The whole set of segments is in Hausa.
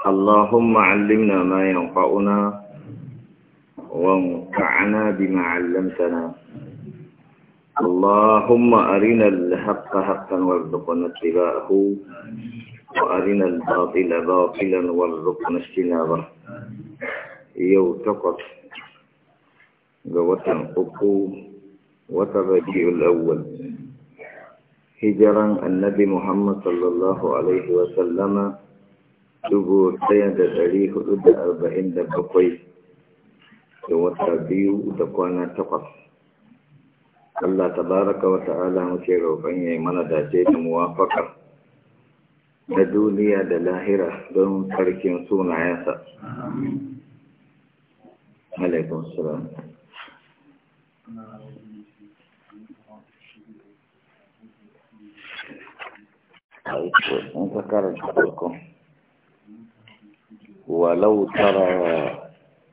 اللهم علمنا ما ينفعنا وانفعنا بما علمتنا اللهم أرنا الحق حقا وارزقنا اتباعه وأرنا الباطل باطلا وارزقنا اجتنابه يوتقط جوة أكو وتبجيء الأول هجرا النبي محمد صلى الله عليه وسلم dubu ɗaya da ɗari hudu da arba'in da bakwai da wata biyu da kwana takwas Allah tabaraka wa ta'ala muke roƙon ya yi mana dace da muwafaka na duniya da lahira don sarkin sunayensa. Alaikun salam. karanta walau tara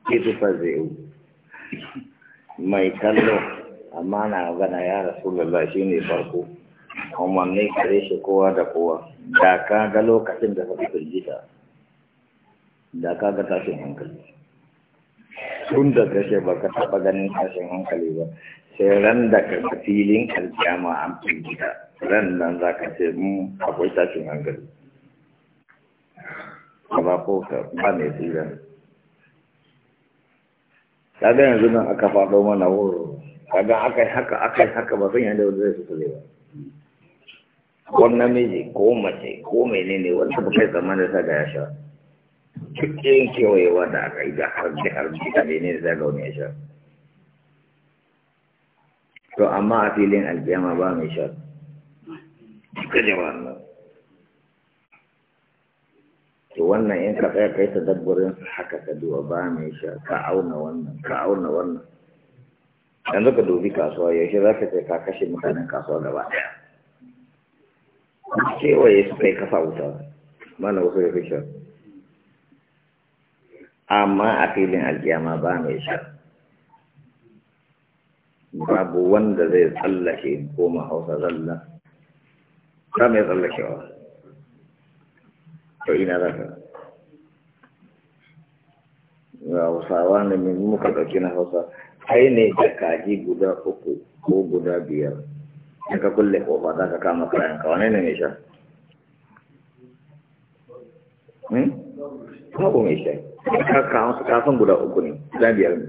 itu saja mai kallo amma na gana ya rasulullah shine farko umarni kare shi kowa da kowa da ka ga lokacin da ka firgita da ka ga tashin hankali tun da kashe ba ka taɓa ganin tashin hankali ba sai ran da ka filin alkyama an firgita ran nan za ka ce mun akwai tashin hankali amma ko ba mai tsira ta kaga yanzu nan aka faɗo mana wuro kaga aka yi haka aka yi haka ba san yi wanda zai fito ba ko namiji ko mace ko mene ne wanda ba kai zamanin ta ga ya sha cikin kewayewa da aka yi da harbi harbi da mene ne za ga wani ya sha to amma a filin alkiyama ba mai sha cikin jama'an to wannan in ka tsaya kai tadabburin su haka ka duba ba mai sha ka auna wannan ka auna wannan yanzu ka dubi kasuwa yaushe za ka ce ka kashe mutanen kasuwa gaba ɗaya kewaye su kai kafa wuta mana wasu ya fi sha amma a filin alkiyama ba mai sha babu wanda zai tsallake ko mahausa zalla ba mai tsallakewa to ina za ka ga hausawa ne mai muka ɗauki na hausa kai ne da kaji guda uku ko guda biyar in ka kulle ƙofa za ka kama kayan ka wane ne mai sha babu hmm? mai sha ka kawo su kafin guda uku ne guda biyar ne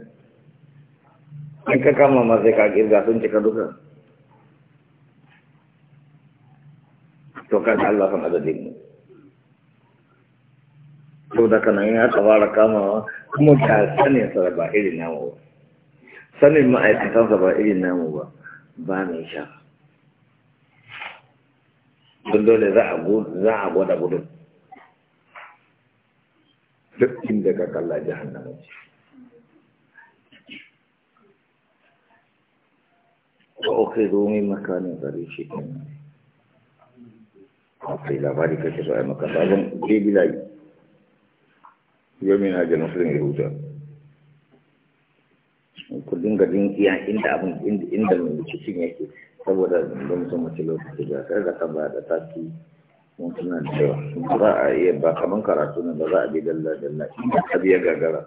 in ka kama ma sai ka kirga sun cika duka to kan Allah san adadin to da kana ya aka fara kamawa kuma ka sanin sa ba irin namu ba sanin ma'aikatan sa ba irin namu ba ba mai sha don dole za a za a gwada gudun duk inda ka kalla jahannama ce ko kai zo mai makanin gari shi kan akwai labari kake so ai maka babban bebi layi yomi na jin musulun ya huta kullum ga jin iya inda abin inda rikicin yake saboda da mutum mace lokaci da sai da kan da taki mun suna da yawa Ba a iya ba kaman karatu ne ba za a bi dalla dalla inda ka biya gagara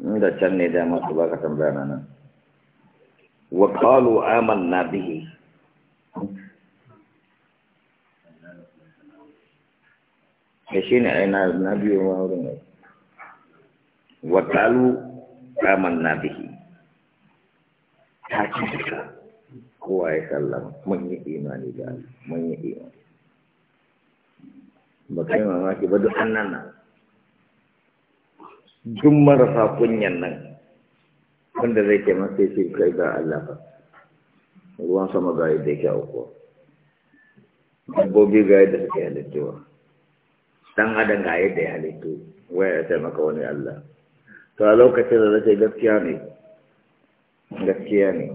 inda can ne da masu baka tambaya na nan wa qalu amanna bihi da eh, shi ne aina eh, na biyu ma wurin ne wa kalu kaman na bihi ta ci duka kowa ya sallama mun yi imani da mun yi imani ba kai mamaki ba duk an nan duk marasa kunyan nan wanda zai ke masa ce kai ga Allah ba ruwan sama ga yadda yake aukuwa dabbobi ga yadda suke halittuwa dan adam ga yadda ya halittu waya ya taimaka wani Allah to a lokacin da zai gaskiya ne gaskiya ne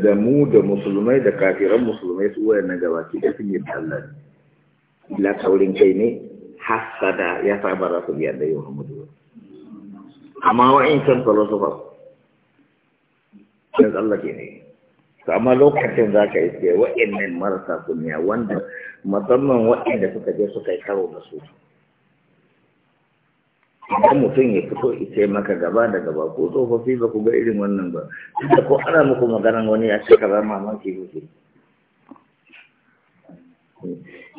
da mu da musulmai da kafiran musulmai su waya na gaba ki sun yi Allah la taurin kai ne hasada ya saba za su biya da yau ba. amma wa'in san philosopher Allah ke ne amma lokacin za ka iske wa'annan marasa kunya wanda musamman wa'anda suka je suka yi karo da su idan mutum ya fito ita maka gaba da gaba ko tsofaffi ba ku ga irin wannan ba tunda ko ana muku maganan wani ya cika ba mamaki kuke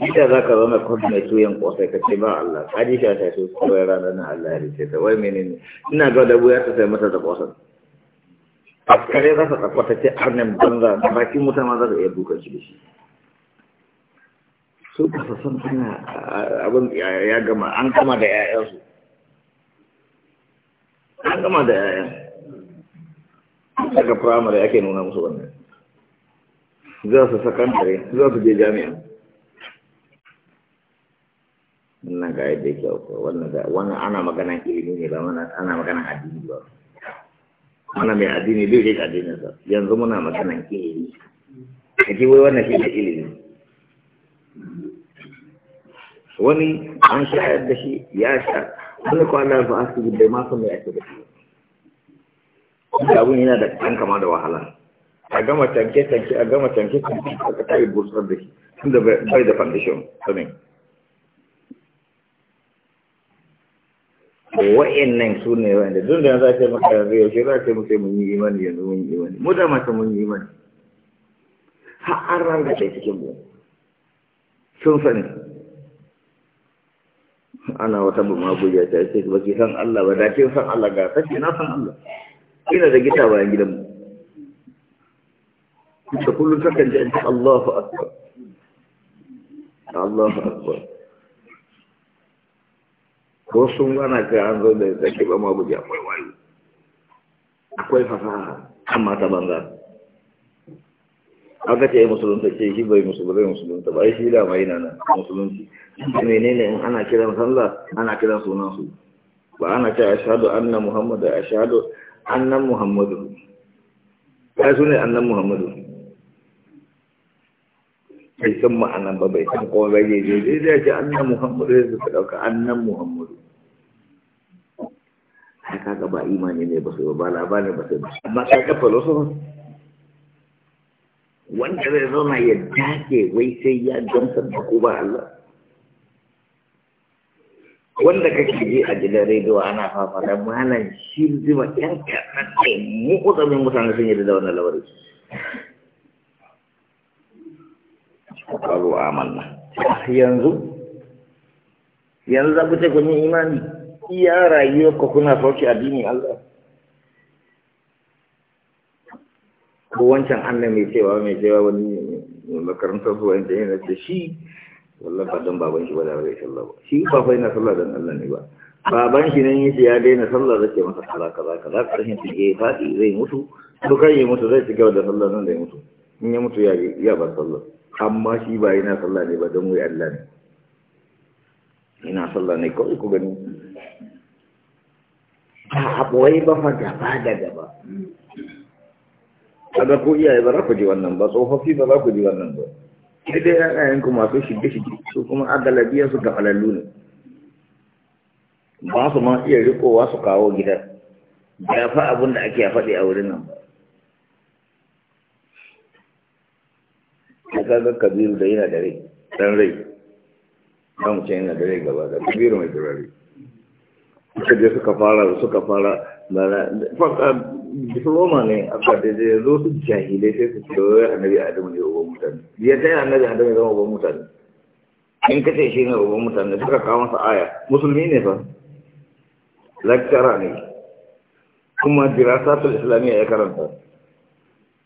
ita za ka zama kwan mai tuyan kwasai ka ce ba Allah ka ji ta ta so kawai ranar na Allah ya rike ta wai menene ina ga da buya ta sai mata da kwasan askare za su tsakwata ce arnin banza da bakin mutane za su iya dukan shi da shi su ba su san ana abin ya gama an gama da 'ya'yansu an gama da 'ya'yan daga firamare ake nuna musu wannan za su sakandare za su je jami'a wannan ga yadda kyau wannan ana maganan ilimi ne ba mana ana maganan addini ba mana mai addini zai rika addininsa yanzu muna maganan ilimi ka ji wai wannan shi da ilimi wani an shayar da shi ya sha wani kwanar ba su da ma mai ake da shi da abun yana da kan kama da wahala a gama tanke tanke a gama tanke tanke a ka tayi busar da shi da bai da foundation sami wa'annan su ne wa'anda duk da za ka maka yanzu yaushe za ka muke mun yi imani yanzu mun yi imani mu da mata mun yi imani har an ranga da cikin mu sun sani ana wata bumaguja ta ce ba ki san Allah ba da kin san Allah ga ta ce na san Allah ina da gita bayan gidan mu da kullum takan ji Allahu akbar Allahu akbar ko sun gana kai an zo da tsaki ba ma buji akwai wayo akwai fasaha kan mata banza aka ce musulunta ce shi bai musulunta musulunta ba shi da mai nan musulunci menene in ana kiran sallah ana kiran sunan su ba ana ce ashhadu anna muhammadu ashhadu annan muhammadu ba su ne annan muhammadu bai san ma'anan ba bai san kuma bai je je zai ce annan muhammadu zai suka ɗauka annan muhammadu ai kaga ba imani ne ba su ba ba su wanda zai zauna ya dake wai sai ya gamsar da ku ba Allah wanda je a gidan rediyo ana fafada malam shi yan kaɗan ne mu mutane sun yi da wannan labarin ƙwaro amanna yanzu yanzu za ku ce kun yi imani iya rayuwar ka kuna sauki addini Allah ko wancan annan mai cewa mai cewa wani makarantar su wanda na ce shi wallan ba don baban shi ba da bai sallah ba shi ba fa yana sallah don Allah ne ba baban shi nan yace ya daina sallah zai masa kaza kaza kaza karshen shi ke faɗi zai mutu to kai ya mutu zai cigaba da sallah nan da ya mutu in ya mutu ya ya bar sallah amma shi ba yana sallah ne ba don wai Allah ne ina sallah ne kawai ikut gani ba a ɓoye ba fa gaba da ku iya, ko iyaye ba za ku ji wannan ba tsofaffi ba za ku ji wannan ba sai dai ƴaƴayen ku masu shige shige su kuma agalabiya su ga alallu ne ba su ma iya rikowa su kawo gidan Jafa fa da ake faɗi a wurin nan ba ka ga kabiru da yana da rai rai za mu ce yana da rai gaba da kabiru mai turare suka je suka fara suka fara faka diploma ne a daidai ya zo su jahilai sai su ce wai annabi adamu ne uban mutane ya ta yi annabi adamu ya zama uban mutane in ka ce shi ne uban mutane suka kawo masa aya musulmi ne fa lakcara ne kuma ta islamiyya ya karanta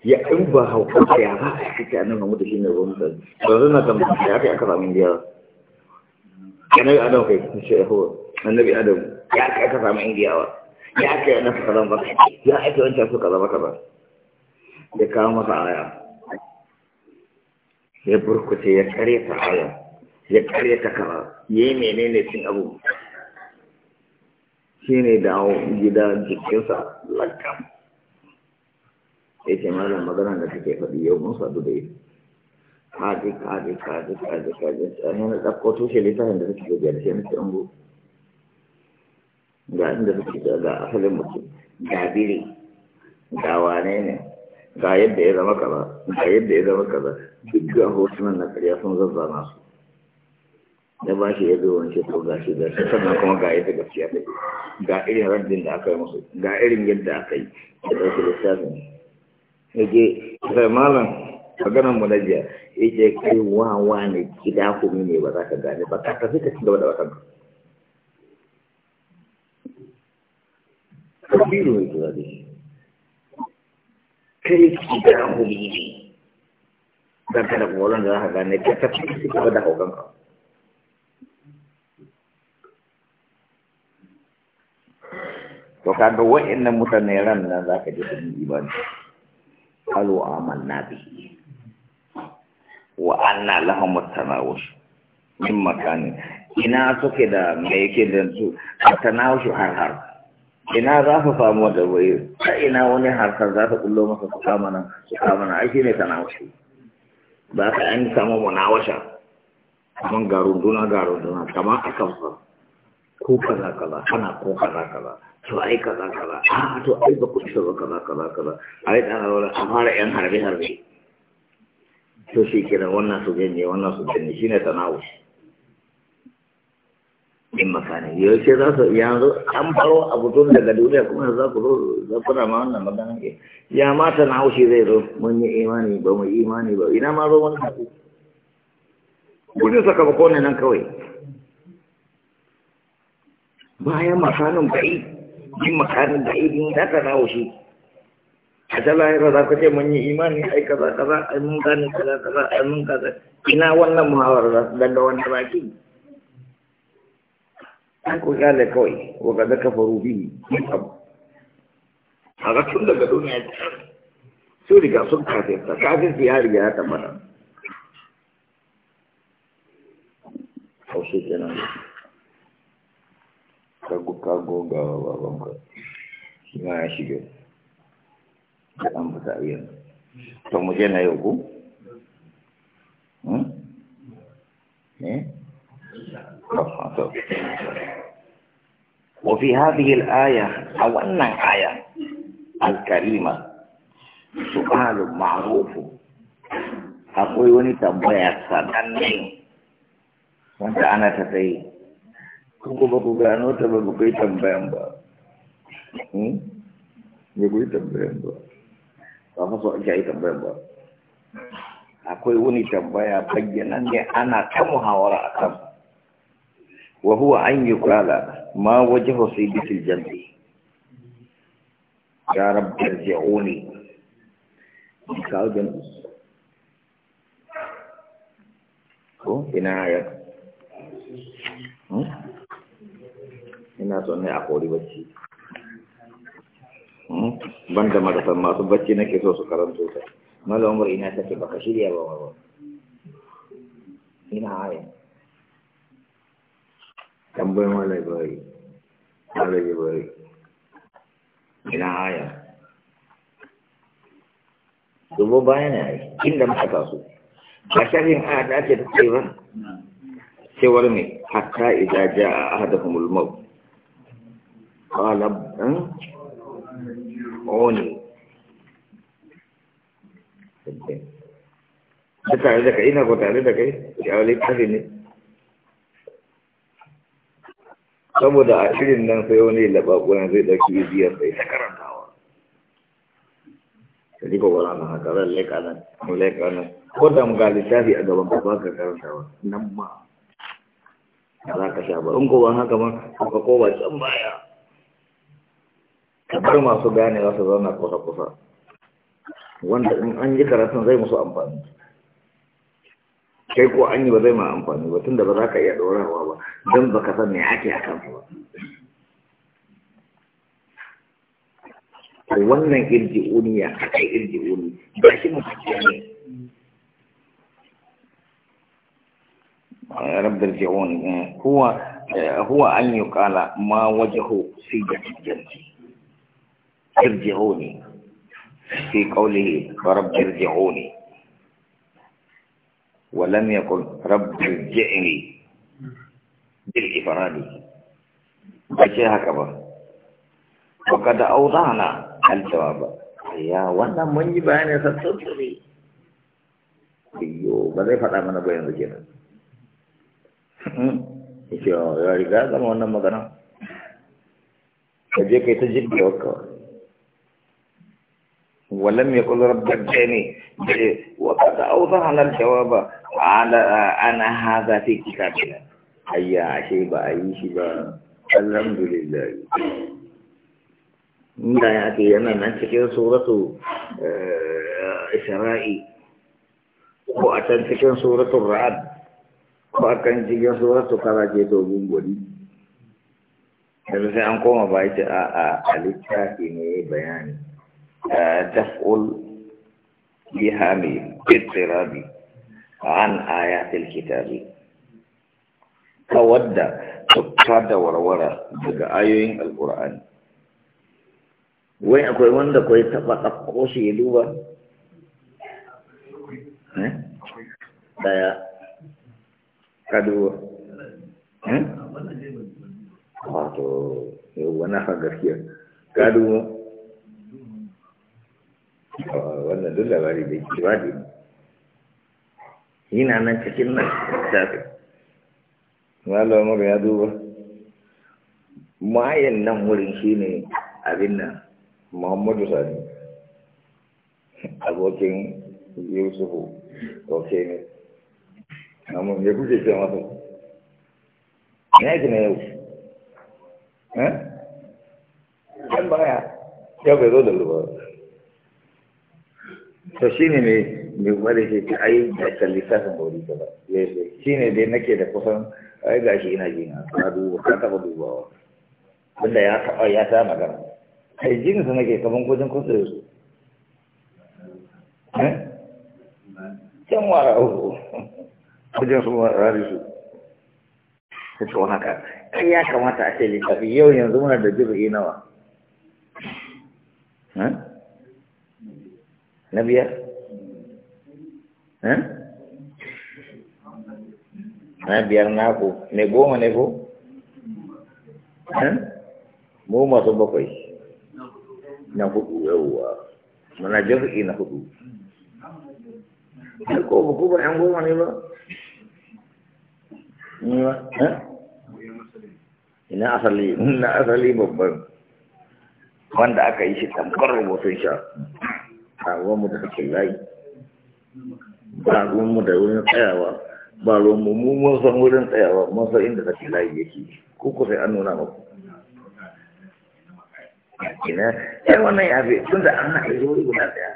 ya in ba hauka ya ba a kace annabi muhammadu shi ne uban mutane ba zan na tambaya ya kai aka samu indiyawa annabi adam kai shi yahuwa annabi adam ya kai ka samu indiyawa ya kai na suka zama ya aika wancan kaza zama kaza ya kawo masa aya ya burkuce ya kare ta aya ya kare ta kaza ya yi menene cin abu shi ne da dawo gida jikinsa lakam ya ce malam magana da kake faɗi yau mun sadu da yi. kaji kaji kaji kaji kaji sai na ɗauko tushe littafin da suke gajiyar sai na ce ungo ga inda suke ga asalin mutum ga biri ga wane ne ga yadda ya zama kaza ga yadda ya zama kaza duk ga hotunan na karya sun zazzana su da ba shi ya zo wani ce ga shi ga shi sannan kuma ga yadda gaskiya ta ga irin raddin da aka yi musu ga irin yadda aka yi da ɗauki littafin ya je sai malam maganan mu na jiya yace kai wawa ne kida kuma ne ba za ka gane ba ka tafi ka cigaba da watan kabiru ne kira da shi kai kida kuma ne dan kada koran da za ka gane ka tafi ka cigaba da haukan ka to kaga wa'annan mutane ran nan za ka ji sun imani qalu amanna bihi wa anna lahum at-tanawush min makani ina suke da me yake da su at-tanawush har har ina za su samu da wai ta ina wani harkar za ta kullo masa su kama nan su kama nan ai shine tanawush ba ka an samu munawasha kaman garunduna garunduna kama akan fa ko kaza kaza ana ko kaza kaza to ai kaza kaza a ah, to ai ba ku shi ba kaza kaza kaza ai dan a fara yan harbe harbe to shi kira wannan su janye wannan su janye shine tanawus in makani yau ce za su yanzu an faro a tun daga duniya kuma za ku zo za ku rama wannan maganin ke ya ma tanawushi zai zo mun yi imani ba mu imani ba ina ma zo wani haku kudin sakamako ne nan kawai bayan makanin bai yin makanin bai din ta tanawushi a ta lahira za ku ce mun yi imani ai kaza kaza ai mun gane kaza kaza ai mun kaza ina wannan muhawar daga wanda baki an ku kyale kawai wa kaza faru bihi a ga tun daga duniya su riga sun kafirta kafirta ya riga ya tabbata hausa kenan ka guka gogawa babanka shi ma ya dalam bahasa Arab. Kemudian ayo bu. Hmm? Eh? Oh, so. Wa fi hadhihi al-ayah aw anna ayah al-karimah su'alu ma'ruf. Apa yang ini tak banyak sadan ni? Masa anak tadi. Kau baru berani atau baru kau tambah ba fa so ake yi tambayar ba akwai wani tambaya bayyana ne ana ta muhawara a kan wa huwa an yi kala ma waje hausa bitil jambi ya rabbar ji'uni kawo jambi ko ina ya hmm? ina son ne a kori bacci Hmm? ban da marasa masu bacci nake so su karanto ta malam umar ina take baka shirya ba wa ina haya tambayin malai bari malai bari ina haya dubu bayan ya yi inda muka taso a sharhin a da ake take ba cewar mai hatta idan ja a hada maut qala hmm? oni tare da kai ina ko tare da kai ya wali ne saboda a shirin nan sai wani labakunan zai ɗauki bibiyar sai ta karantawa ka ji kowa na haka zan mu laika ko da mu ga littafi a gaban babba ka karantawa nan ma za ka sha ba in ko ban haka ma ka can baya kamar masu gane za su zauna kusa-kusa wanda in an yi karatun zai musu amfani kai ko an yi ba zai ma amfani ba tun da ba za ka iya ɗorawa ba don ba ka san me ake a kansu ba wannan irji'uni ya irji uni ba shi mu ne رب ارجعون هو هو أن يقال ما وجهه سيدة الجنة ارجعوني في قوله رب ارجعوني ولم يقل رب ارجعني بالإفراد بشي هكذا وقد أوضعنا الجواب يا وانا أيوه، من يباني ستصدري iyo ba zai faɗa mana ba yanzu kenan yake ya riga zama wannan magana ka je kai ta ولم يقل رب ارجعني وقد أوضحنا الجواب على أنا هذا في كتابنا هيا عشيب أي شباب الحمد لله لا يأتي أنا من تكير سورة إسرائي وأتن تكير سورة الرعد وأتن تكير سورة كراجي دوبون بولي Terus saya angkong apa itu? Ah, ah, alita دفع الإيهام اضطرابي عن آيات الكتاب تودى تبتاد وراء بقى آيوين القرآن وين أكوي وين دقوي تبقى قوسي يدوبا daya kado wato yau wani haka gaskiya kado wannan duk labari da ke ba da yana nan cikin nan tafi malamar ya duba mayan nan wurin shi ne abin nan muhammadu sani abokin yusufu ok ne amma ya kuke ce masa ina ki na yau eh? ɗan baya ya bai zo da lubar to shi ne mai gwada ce ta ai da kallitafin gauri ta ba shi ne dai nake da kusan ai gashi ina jina ka duba ka taba dubawa wanda ya taba ya ta magana kai jini su nake kaman gudun kusa da su eh? can wara uku wajen su rari su ta ce haka kai ya kamata a ce littafi yau yanzu muna da jirgi nawa eh? na biyar na biyar naku ne goma ne ko mu masu bakwai na hudu yawwa mana jafi na hudu ko ba ku ba yan goma ne ba ina asali ina asali babban wanda aka yi shi tamkar rubutun sha a mu da sakin layi ba ruwanmu da wurin tsayawa ba mu mun san wurin tsayawa mun san inda sakin layi yake sai an nuna maku ina ai eh, wannan ya fi tun da an haɗe wuri guda ɗaya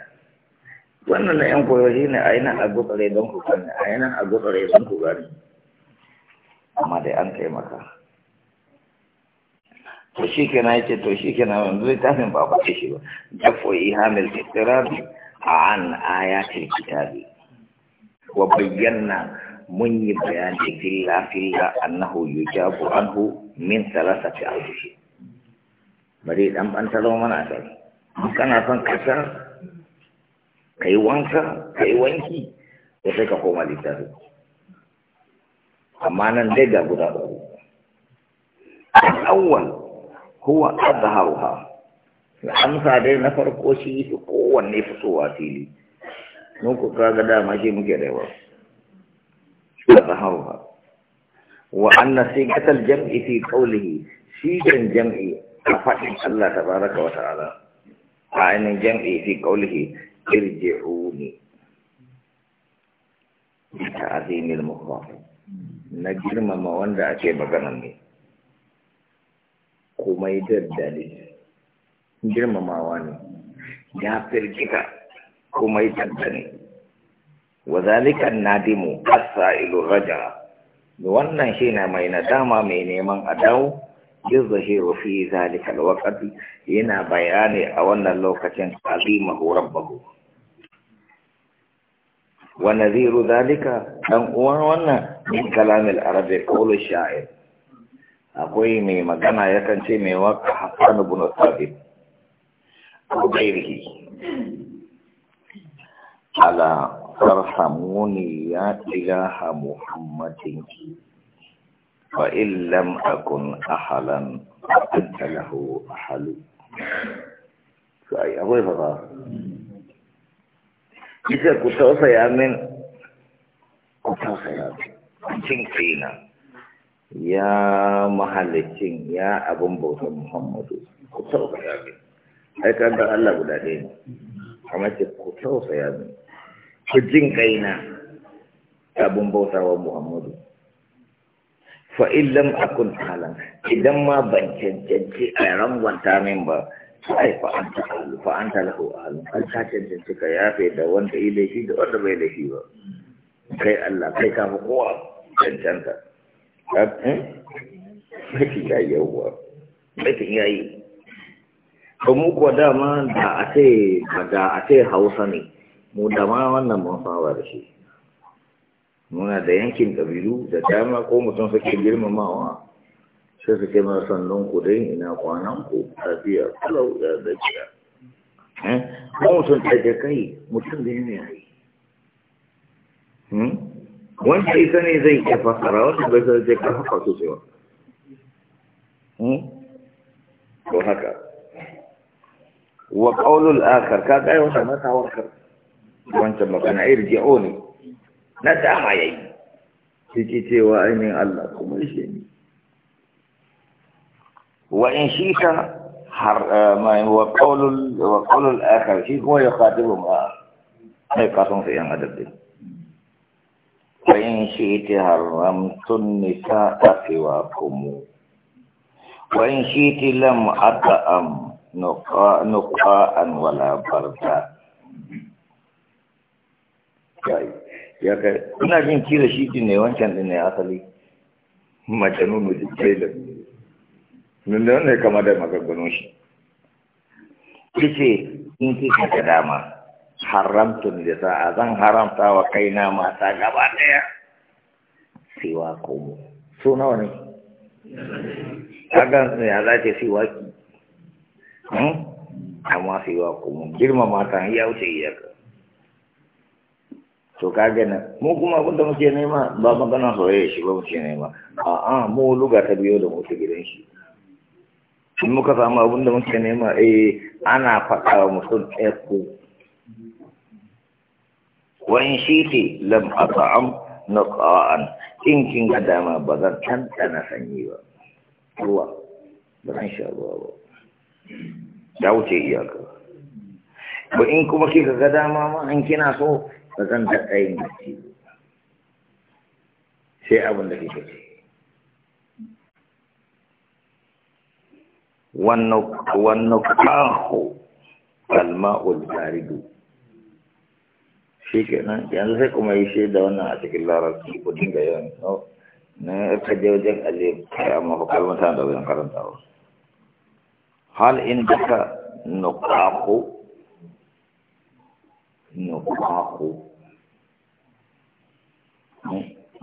wannan na yan koyo shi ne a a gutsare don ku gani a don ku gani amma dai an taimaka to shi kenan yace to shi wanzu yanzu littafin ba ba shi ba dafo ihamil a an kita bi wa bayyana mun yi bayani filla filla annahu an hu min salasati shi. bari dan ban taro mana sai kana son kasar kai wanka yi wanki to sai ka koma littafi amma nan dai ga guda uku a awwal هو أظهرها الحمسة دي نفر كوشي في قوة النفس واتيلي نوكو كاغا دا ما جي أظهرها وأن سيقة الجمع في قوله سيقة الجمع أفعل الله تبارك وتعالى أن الجمع في قوله ارجعوني بتعظيم المخاطر نجرم ما وندع كي بغنمي komai daddare girmamawa ne ya firgita komai daddare wa zalika nadimu as-sa'ilu raja wannan shi na mai nadama mai neman adawu yuzhiru fi zalika lokaci yana bayani a wannan lokacin azimahu rabbahu wa Naziru zalika dan uwan wannan min kalamil arabi kolo sha'ir akwai mai magana ya ce mai waka hassan ibn sabit ko gairihi ala farhamuni ya ilaha muhammadin fa illam akun ahalan anta lahu ahalu sai akwai fara kisa ku tausaya min ku tausaya min cin kaina ya mahalicin ya abin bautar Muhammadu ku tausaya min ai ka ga Allah guda ɗaya ne amma ce ku tausaya min ku jin kaina abin bautawa Muhammadu fa in lam akun halan idan ma ban cancanci a rangwanta min ba ai fa anta ahlu fa lahu ahlu an ka cancanci ka yafe da wanda yi laifi da wanda bai laifi ba kai Allah kai kafa kowa cancanta Eh? Baki ya yi yawwa, baki ya yi. Kamu kuwa da a da a ce Hausa ne, mu dama wannan mun fara da shi. Muna da yankin ƙabilu da dama ko mutum suke girmamawa sai suke mana sannan ku ina kwanan ku tafiya kalau da dajiya. Eh? Ko mutum ɗaga kai mutum da ya yi. Hmm? wanda ita ne zai iya fasara wanda bai sai zai kafa kasu cewa ko hmm? haka wa qaulul akhar ka ga wata mata warkar wancan magana ne? na da hayayi kike cewa ainihin Allah kuma shi ne wa in shi ka eh, wa qaulul wa qaulul akhar shi kuma ya khatibu ma sai kasan sai an adabin وإن شئت حرمت النساء سواكم وإن شئت لم أطعم نقاء نقاء ولا بردا طيب ina jin kira shi ne wancan ne asali majanunu da kaila nan da ne kama da maganganun shi in kika da dama haramtun da sa'a zan haramta wa kaina mata gaba ɗaya siwa komo su nawa ne kagan ya za ce siwa ki hmm? amma siwa komo girma mata ya wuce iyaka to ka nan mu kuma abin da muke nema ba magana soyayya shi ba muke nema a'a mu luga ta biyo da mutu gidan shi in muka samu abin da muke nema eh ana faɗa wa mutum ɗaya eh, ko wani shi ke lam a ta'am na ƙa'an in kin ga dama ba zan tantana sanyi ba ruwa ba zan sha ruwa ba ya wuce iyaka ba in kuma kika ga dama ma in kina so ba zan daɗa yin ba. sai abin da kika ce wannan kaho kalma'ul jaridu shi kenan yanzu sai kuma yi shaida wannan a cikin larabci ku dinga yawan na ka je wajen alim ya mafi kalmar ta da wajen karantawa hal in daga nukaku nukaku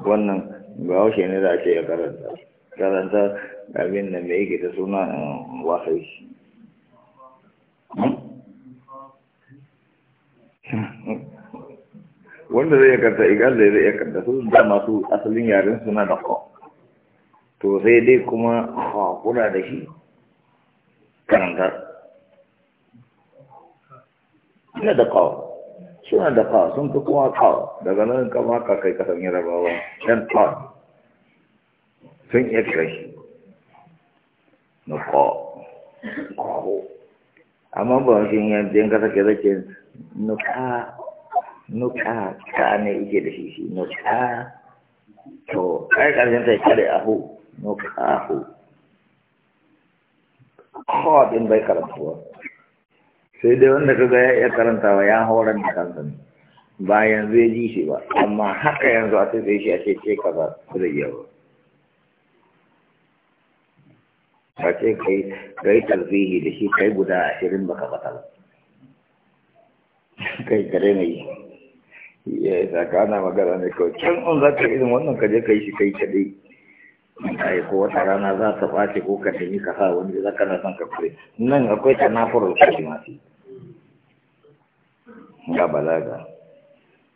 wannan ba washe ne za a ce ya karanta karanta abin da mai yake ta suna um, wasai hmm? hmm? wanda zai karta igal da zai karta su da masu asalin yaren suna da ko to sai dai kuma kula da shi karanta ina da ko suna da ko sun fi kuma kawo daga nan kama ka kai kasan yarabawa yan kawo sun iya kira shi na ko ko amma ba shi yin yadda yin kasa ke zake nuka nuka ka ne yake da shi shi nuka to kai karshen sai kare ahu nuka ahu kodin bai karantuwa sai dai wanda ka ga ya iya karantawa ya horar da kansa ne ba yanzu ya ji shi ba amma haka yanzu a sai shi a ce ce ka ba zai iya ba ba ce kai kai tarzihi da shi kai guda ashirin baka bata ba kai kare mai ya yi tsakana magana ne kawai can on za ka irin wannan ka je ka yi shi kai kaɗai ai ko wata rana za ta ɓace ko ka tafi ka sa wani za ka na son ka kure nan akwai ta na nafurar kashi masu ga balaga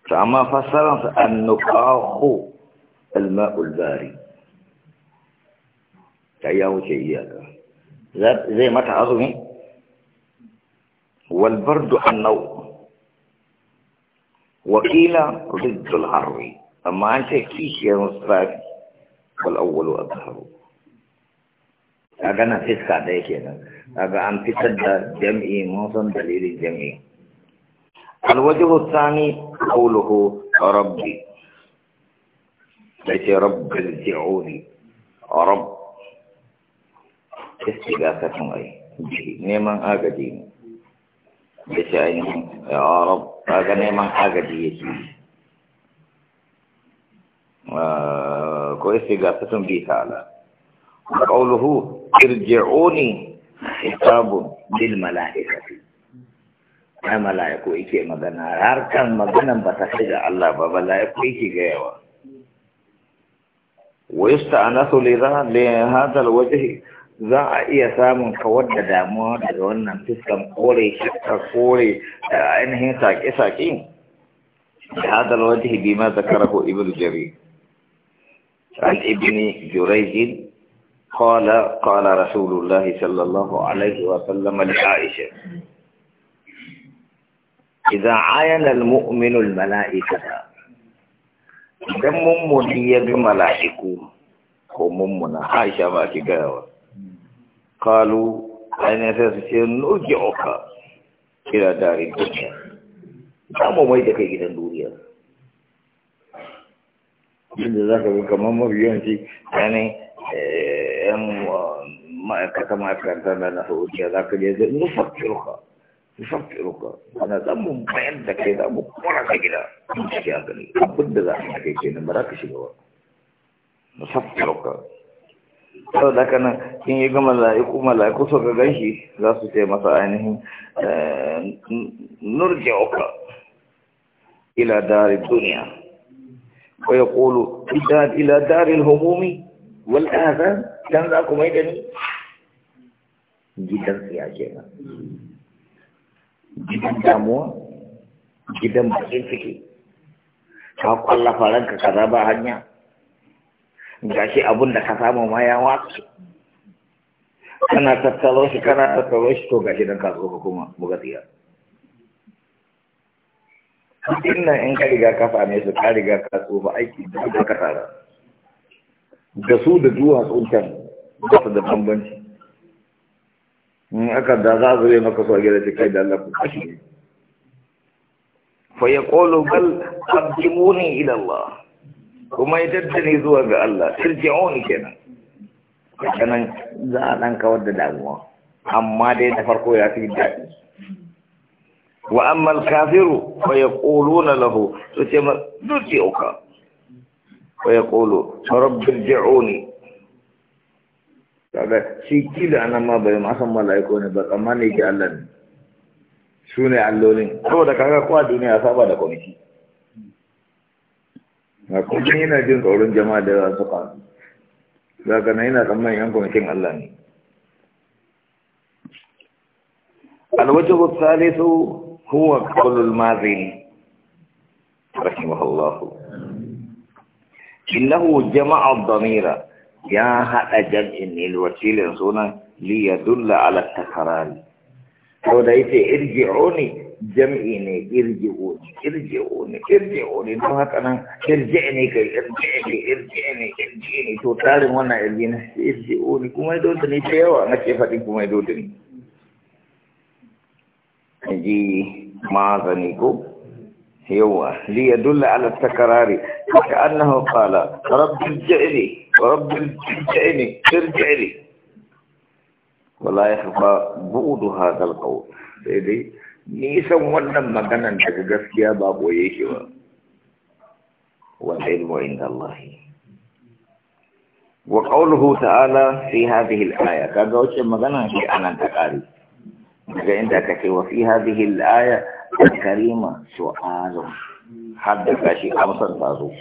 to amma su an ko alma'ul bari ta ya wuce iyaka zai mata azumi du'an nau'u وقيل ضد العربي أما أنت كيش يا مصطفى والأول أظهر أجانا في السادة كده أجا أن السادة جمعي موصن دليل جمعي الوجه الثاني قوله ربي ليس رب ارجعوني رب استغاثة أي نعم أجدين ليس أي يا رب kaga neman agaji yake ah, ko yace ga sun bi ƙauluhu qawluhu irji'uni hisabun bil mala'ika ai mala'iku yake magana har kan maganan ba ta shiga Allah ba mala'iku yake ga yawa ويستأنس لهذا الوجه za a iya samun kawar da damuwa daga wannan fiskan kore shakka kore ainihin saƙe-saƙe da hadar wajen bima zakarahu ibn jarir عن ابن جريج قال قال رسول الله صلى الله عليه وسلم لعائشة إذا عاين المؤمن الملائكة دم مني بملائكة وممنا عائشة ما تقاوى kalu ainihin sai su ce nuke oka kira darin duniya za mu mai da kai gidan duniya inda za ka ga kamar mabiyanci ainihin yan ma'aikata ma'aikata na na saudiya za ka je zai nufafiruka nufafiruka ana za mu bayar da kai za mu kora ka gida a gani abin da za ka kai kenan ba za ka shiga ba nufafiruka sau da haka nan in yi ga mala'iku mala'iku so ga ganshi za su ce masa ainihin eh, nurje oka ila dari duniya ko ya kolo ila darin hukumi, wal azan dan za ku mai da ni gidan siya ke nan gidan damuwa gidan bakin ciki ka kwallafa ranka kaza ba hanya gashi abun da ka samu ma ya wasu kana tattalo shi kana tattalo shi to gashi don ka tsoka kuma buga tsiya kudin nan in ka riga ka same su ka riga ka tsofa aiki da ka ka tara da su da duwatsun can ba su da bambanci in aka da za zo yi maka so gida ce kai da Allah ku kashi fa yaqulu bal qaddimuni ila Allah kuma ya tattali zuwa ga Allah sirji'un kenan kanan za a ɗan kawar da damuwa amma dai na farko ya fi daɗi wa ammal kafiru fa yaquluna lahu to ce ma duti uka fa yaqulu rabbi irji'uni kaga shi kila anan ma bai ma san mala'iku ne ba tsammani ke Allah ne su ne allolin saboda kaga kowa duniya saba da kwamiti na kuma yana jin tsoron jama'a da za su faru za ka na yana tsammanin yan kwamitin Allah ne alwajen salisu huwa kulul mazini رحمه الله إنه جمع الضمير يا هذا جمع الوسيلة سنة ليدل على التكرار ودايت ارجعوني جمعيني ارجعوني ارجعوني ارجعوني نو هكا انا ارجعني كي ارجعني ارجعني ارجعني تو تالي وانا ارجعني ارجعوني كما يدودني تيوا انا كيف هاتي كما يدودني جي ما ظنيكو يوا ليدل على التكرار كأنه قال رب ارجعني رب ارجعني ارجعني ولا يخفى بعد هذا القول سيدي nisan wannan maganan daga gaskiya ba koye shi ba Wani ilmu inda Allah wa qawluhu ta'ala fi hadhihi al-aya kaga wace magana shi anan ta ƙari. daga inda kace wa fi hadhihi aya al-karima su'alun haddaka shi amsar ta zo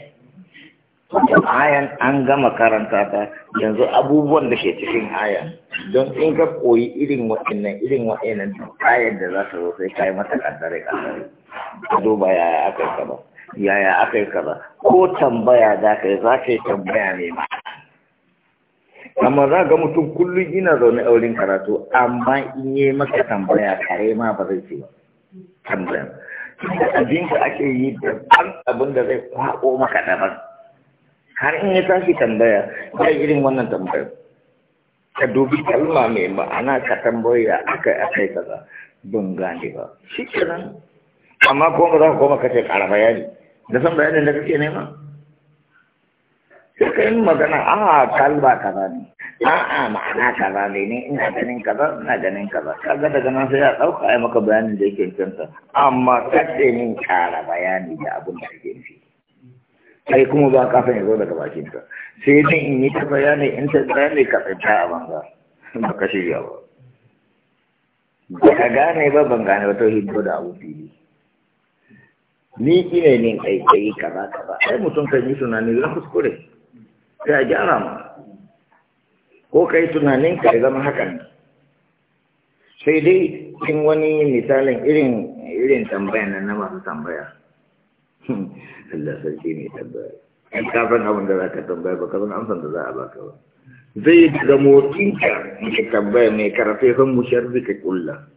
ayan an gama karanta ta yanzu abubuwan da ke cikin aya don in ka koyi irin wa'annan irin wa'annan ayar da za ta zo sai kai mata kaddare kaddare ka duba yaya aka yi ba yaya aka yi ba ko tambaya za ka yi za ka yi tambaya ne ba amma za ga mutum kullum ina zaune a wurin karatu amma in yi maka tambaya kare ma ba zai ce tambaya abin da ake yi da abin da zai kwaɓo maka daban har in ya tashi tambaya ba irin wannan tambayar ka dubi kalma mai ma'ana ka tambaya aka akai kaza don gane ba shi kenan amma ko ba za ka koma kace ƙara bayani da san bayanin da kake nema sai ka yi magana a kalba kaza ne a'a ma'ana kaza ne ne ina ganin kaza ina ganin kaza kaga daga nan sai ya dauka ai maka bayanin da yake cancanta amma kace min ƙara bayani da abin da kake nufi kai kuma ba kafin ya zo daga bakin ka sai dai in yi ta bayani in ta bayani ka tsinta a banza ba ka shirya ba ba ka gane ba ban gane ba to ko da abu ne ni ina ne kai kai ka ba ai mutum kan yi tunani zan kuskure sai a gyara ma ko kai tunanin ka zama hakan sai dai in wani misalin irin irin tambaya nan na masu tambaya Allah sarki ne tambaya in ka san abin da za ka tambaya ba ka san amsan da za a baka ba zai daga motsinka muke tambaya mai karafe san mu sharri ka kulla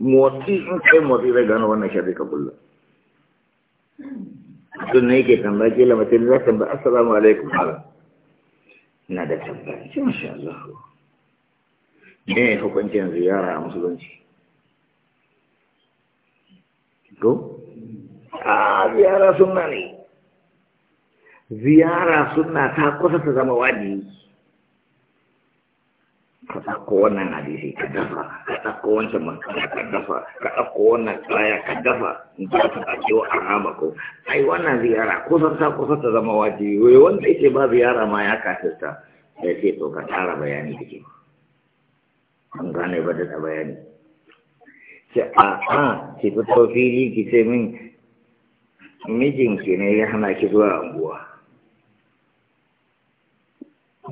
Moti in kai moti zai gano wannan sharri ka kulla sun ne yake tambaya kila mace ne za ta tambaya assalamu alaikum ala Na da tambaya ce masha Allah ne hukuncin ziyara a musulunci ko a ziyara suna ne ziyara suna ta kusa ta zama wajibi ka ɗauko wannan hadisi ka dafa ka ɗauko wancan makara ka dafa ka ɗauko wannan tsaya ka dafa ba ta ɗauke wa arama ko ai wannan ziyara kusan ta kusa ta zama wajibi wai wanda yake ba ziyara ma ya ta? sai sai to ka tara bayani da ke an gane ba da bayani sai a a ki fito fili ki ce min mijinki ne ya hana ki zuwa anguwa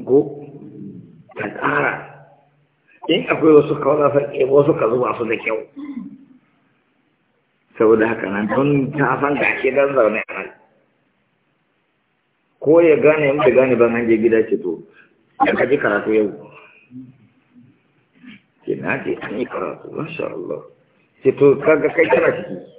ko ka tsara in akwai wasu kawai ke eh, wasu ka zuba su da kyau saboda haka nan don ta san ga ke dan zaune a nan ko ya gane in bai gane ba nan je gida ce to ya kaji karatu yau ke na ce an yi karatu masha Allah ce to kaga kai kana ciki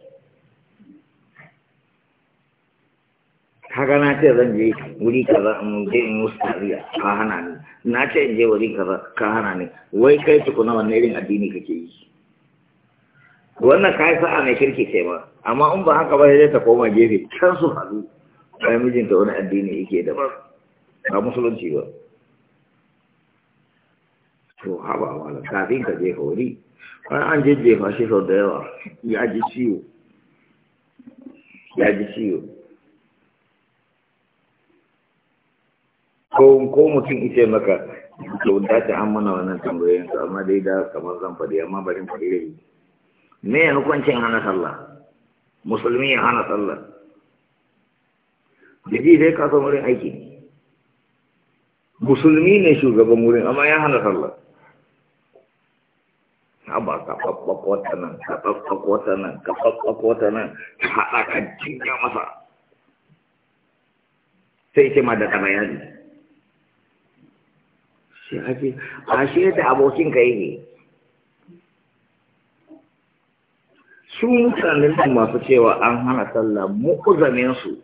kaga na ce zan je wuri kaza in je in wasu tariya ka hana ni na ce in je wuri kaza ka hana ni wai kai tukuna wannan irin addini kake yi wannan kai sa'a mai kirki ce ba amma in ba haka ba sai ta koma gefe can su haɗu kai mijinta wani addini yake da ba musulunci ba to haba wala kafin ka je ka wuri an jejjefa shi sau da yawa ya ji ciwo ya ji ciwo ko ko mutum ice maka to da ta an mana wannan tambayoyin to amma dai da kamar zan faɗi amma bari mu faɗi dai me ya hukuncin hana sallah musulmi ya hana sallah jiji dai ka san wurin aiki musulmi ne shugaban wurin amma ya hana sallah haba ka fafakwata nan ka fafakwata nan ka fafakwata nan ka haɗa ka jinya masa sai ce ma da ɗabayani sai shi ashe da abokin ka yi ne. su mutanen da masu cewa an hana sallah mu'uzamin su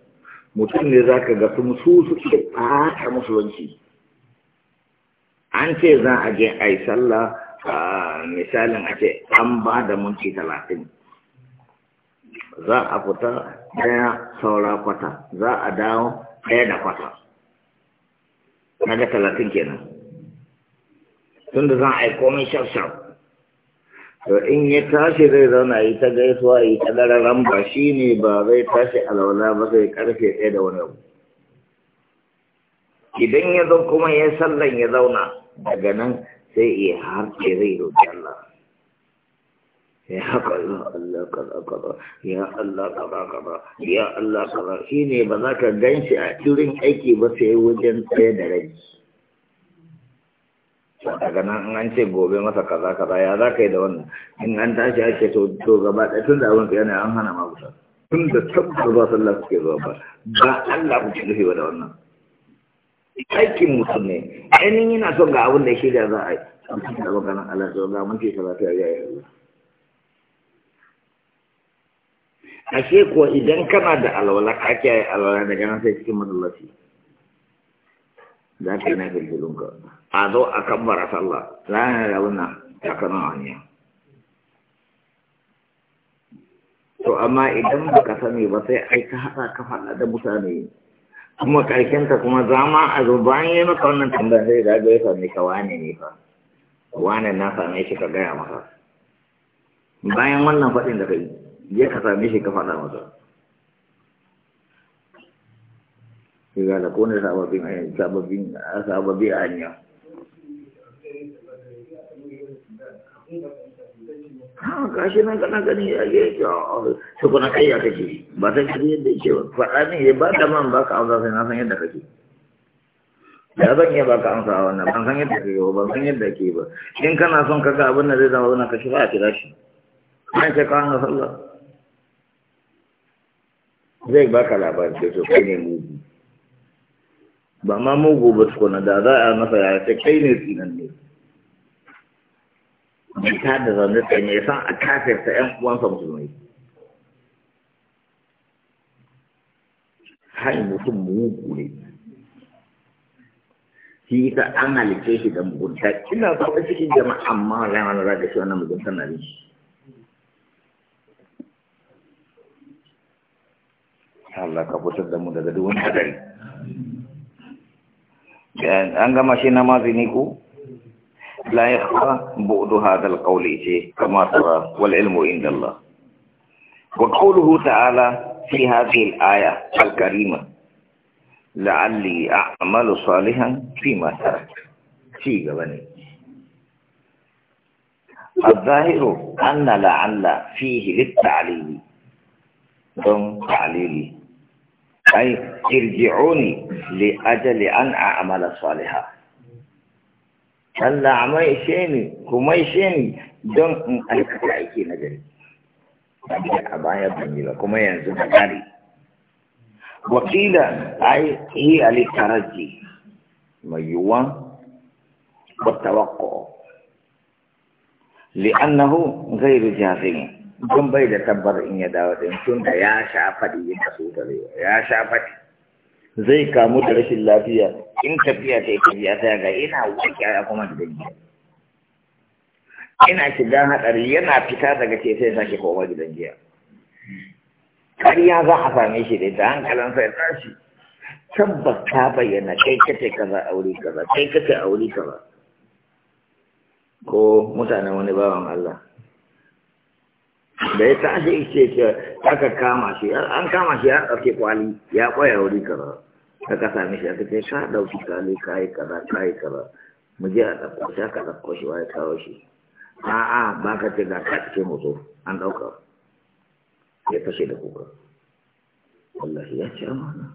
mutum ne za ka gasu su suke ɓata musulunci an ce za a je a yi sallah misalin a ce an ba da minti talatin za a fita daya saura kwata za a dawo daya da kwata na ga talatin kenan tunda za a yi komai shafshaf to in ya tashi zai zauna yi ta gaisuwa yi ta dararan ba shi ne ba zai tashi alwala ba zai karfe ɗaya da wani abu idan ya zo kuma ya sallan ya zauna daga nan sai iya harce zai roƙi Allah ya haka ya Allah kaza kaza ya Allah kaza kaza ya Allah kaza shi ne ba za ka gan shi a turin aiki ba sai wajen tsaye da rai daga nan an ce gobe masa kaza kaza ya za ka yi da wannan in an tashi ake to to gaba ɗaya tun da abin ka yana an hana ma kusa tun da tabbata ba sallah suke zuwa ba ba Allah ku ci rufe da wannan aikin mutum ne ainihin yana son ga abin da shi da za a yi an fi da maganin Allah zuwa ga mun ce salatu ya yi Allah ashe kuwa idan kana da alwala ka kiyaye alwala daga nan sai cikin masallaci za ka yi na ka. a zo a kan bara sallah ranar Ta wannan takanan hanya to amma idan ba ka sani ba sai ai ka haɗa ka faɗa da mutane kuma ta kuma zama a zo bayan yi maka wannan tambayar sai da ya sami ka wane ne fa wane na same shi ka gaya masa bayan wannan faɗin da ka yi ya ka same shi ka faɗa masa shiga da kone sababbin sababbin sababbi a hanya ha kashi nan kana gani ya yi su kuna kai ya kake ba san kiri yadda yake ba faɗa ne ba da man ba ka amsa sai na san yadda kake da zan ba baka amsa a na ban san yadda kake ba ban san yadda ke ba in kana son kaga abin da zai zama wannan kashi ba a kira shi kan ce ka hanga sallah zai baka labarin sai to kai ne mu. ba ma mugu ba tukuna da za a masa ya ce kai ne tsinan ne ta da zaune tsaye mai san a kafirta ‘yan uwansa musulmai hai mutum mugu ne shi ta an halice shi da mugunta ina ba cikin jama'a amma wajen za ka shi wannan mugunta na rishi Allah ka fitar da mu daga duk wani hadari angga masih nama na ku la ya kafa buɗu hadal ƙauli ce kama tura wal ilmu inda Allah wa qawluhu ta'ala fi hadhihi al-aya al-karima la'alli a'malu salihan fi ma tarak ci gaba ne الظاهر أن لعل فيه للتعليل دون تعليلي ai irji'uni li ajali an a'mala salihah Allah mai ishe ni kuma ishe ni don in aikata aiki na gari a baya ban yi ba kuma yanzu na gari wakila ai yi alitaraji mai yiwuwa wata wako li'annahu gairu zai Kun bai da tabbar in ya dawo din tun da ya sha faɗi ya kaso rewa, ya sha faɗi zai kamu da rashin lafiya in tafiya ta yi tafiya ta ga ina wuce ya kuma da dangi ina shiga haɗari yana fita daga ce sai sake koma gidan jiya ƙarya za a same shi da ita hankalinsa ya tashi tabbas ta bayyana kai kace kaza aure kaza kai wuri aure kaza ko mutanen wani bawan Allah da ya tashi ce ce aka kama shi an kama shi ya ɗauke kwali ya ƙwaya wuri kaza kasa sami shi aka ce ka ɗauki kwali ka yi kaza ka yi kaza mu je a ɗauko shi aka ɗauko shi wa ya kawo shi a'a ba ka ce ga ka ce mu zo an ɗauka ya fashe da kuka wallahi ya ce amana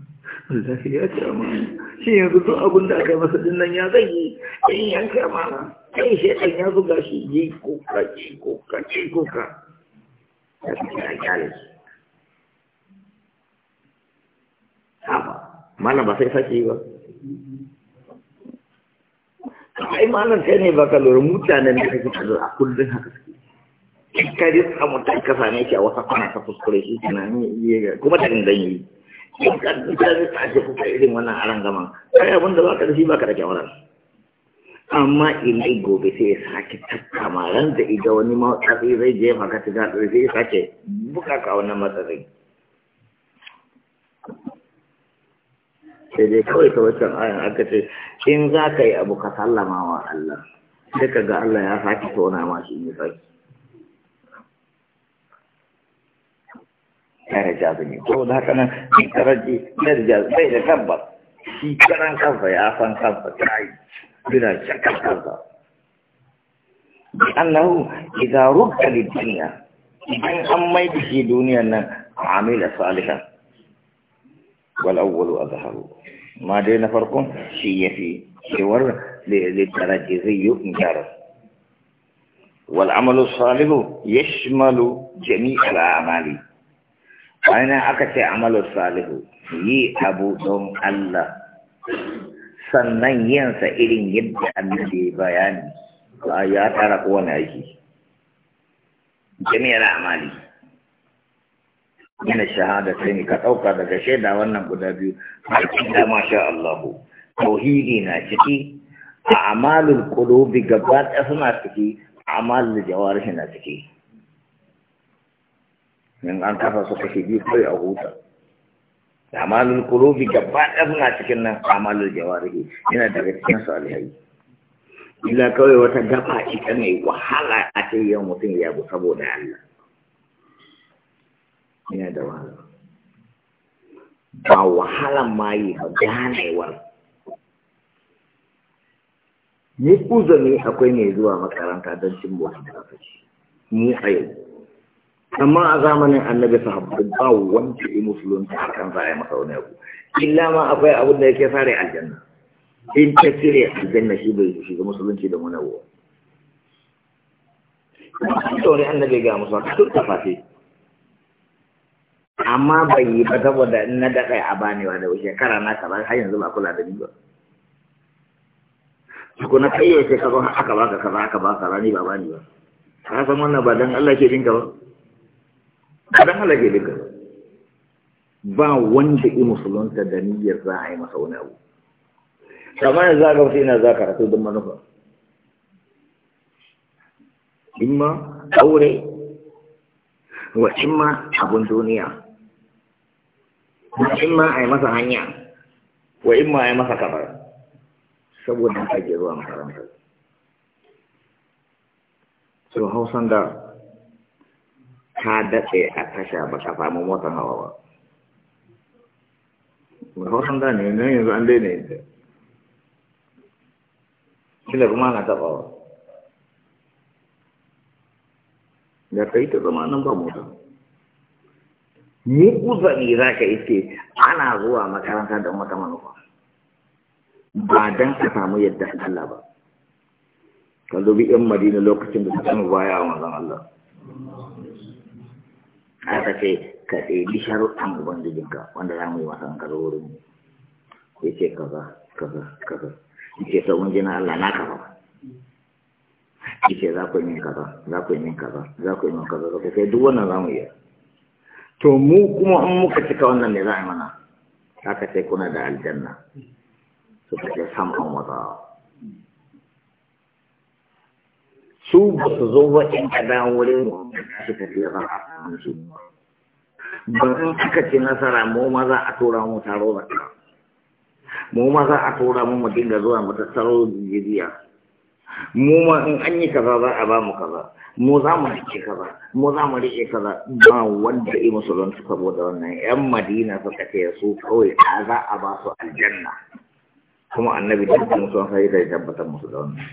wallahi ya ce amana shi yanzu duk abin da aka yi masa dinnan ya zai yi in yanka amana kai shi ɗan ya zuga shi yi kuka ci kuka ci kuka da suke a ba sai saki ba ai malam kai ne baka lura mutanen da kake kallo a kullun haka suke ka ji samu ta ka same shi a wata kwana ta kuskure shi kana ne kuma da indan yi in ka ji ta ji ta ji kuka irin wannan aran gama kai abin da baka da shi baka da kyawaran amma ilai gobe sai ya sake tafka ran da ita wani matsari zai je maka ta daɗo sai ya sake buka ka wani matsari sai dai kawai ta wancan ayan aka ce in za ka yi abu ka sallama wa Allah sai ka ga Allah ya sake tona ma shi ne kare jazu ne ko da haka nan daraji jazu bai da tabbas shi karan kabba ya san kabba ta yi yana shakar kansa annahu idza rubta lid dunya idan an mai da shi duniyar nan amila salihan wal awwalu azharu ma na farkon shi yafi cewar da zai yi in gyara salihu yashmalu jami'al a'mali ana aka ce amalu salihu yi abu don Allah sannan yinsa irin yadda annabi bayani ya tara kowane aiki jami'ar amali yana shahada sai ne ka ɗauka daga shaida wannan guda biyu aikin da masha Allah tauhidi na ciki a amalul qulubi gaba ɗaya suna ciki a amalul jawarihi na ciki in an kafa su kashi biyu kawai a huta amalul qulubi gaba ɗaya suna cikin nan amalul jawarihi yana daga cikin salihai illa kawai wata gaba ita mai wahala a ce yau mutum ya bu saboda Allah yana da wahala ba wahalan ma yi ba ganewar ni ne akwai mai zuwa makaranta don cin buwan da ni a yau amma a zamanin annabi sahabbai ba wanda ya musulunci a kan za a yi masa wani abu illa ma akwai abin da yake fara aljanna in ta cire aljanna shi bai shiga musulunci da wani abu sauri annabi ga musu haka tun tafafi amma bai yi ba saboda in na daɗa a banewa da shekara na ba har yanzu ba kula da ni ba tukuna kai yau sai ka zo haka baka kaza haka baka rani ba bani ba ka san wannan ba dan Allah ke jinka ba kadan ke duka ba wanda i musulunta da niyyar za a yi masa wani abu kamar yanzu za a wasu ina za karatu don manufa In ma aure wa ma abun duniya wa ma a yi masa hanya wa in ma a yi masa kamar saboda ake zuwa makarantar so hausan da ka daɗe a tasha ba ka samu motar hawa ba ba hausan da ne nan yanzu an daina yadda kila kuma na taɓawa da ka yi ta zama nan ba mota mu uzani za ka iske ana zuwa makaranta da wata manufa ba don ka samu yadda Allah ba ka dubi 'yan madina lokacin da suka baya wa manzon Allah aka ce ka ɗebi sharuɗan ubangijinka wanda za mu yi masa hankali wurin mu ya ce kaza kaza kaza ya ce sabon jina Allah na kafa ya ce za ku yi min kaza za ku yi min kaza za ku yi min kaza za ku sai duk wannan za mu yi to mu kuma an muka cika wannan ne za a yi mana aka ce kuna da aljanna suka ce an wata su ba su zo wajen in ka dawo wurin su tafiya za a samu su ba in aka ci nasara mu ma za a tura mu taro da ka mu ma za a tura mu mu dinga zuwa mu tattaro jiriya mu ma in an yi kaza za a ba mu kaza mu za mu rike kaza mu za mu rike kaza ba wanda ya musulunci da wannan yan madina suka ce su kawai a za a ba su aljanna kuma annabi musu sun sai da tabbatar musu da wannan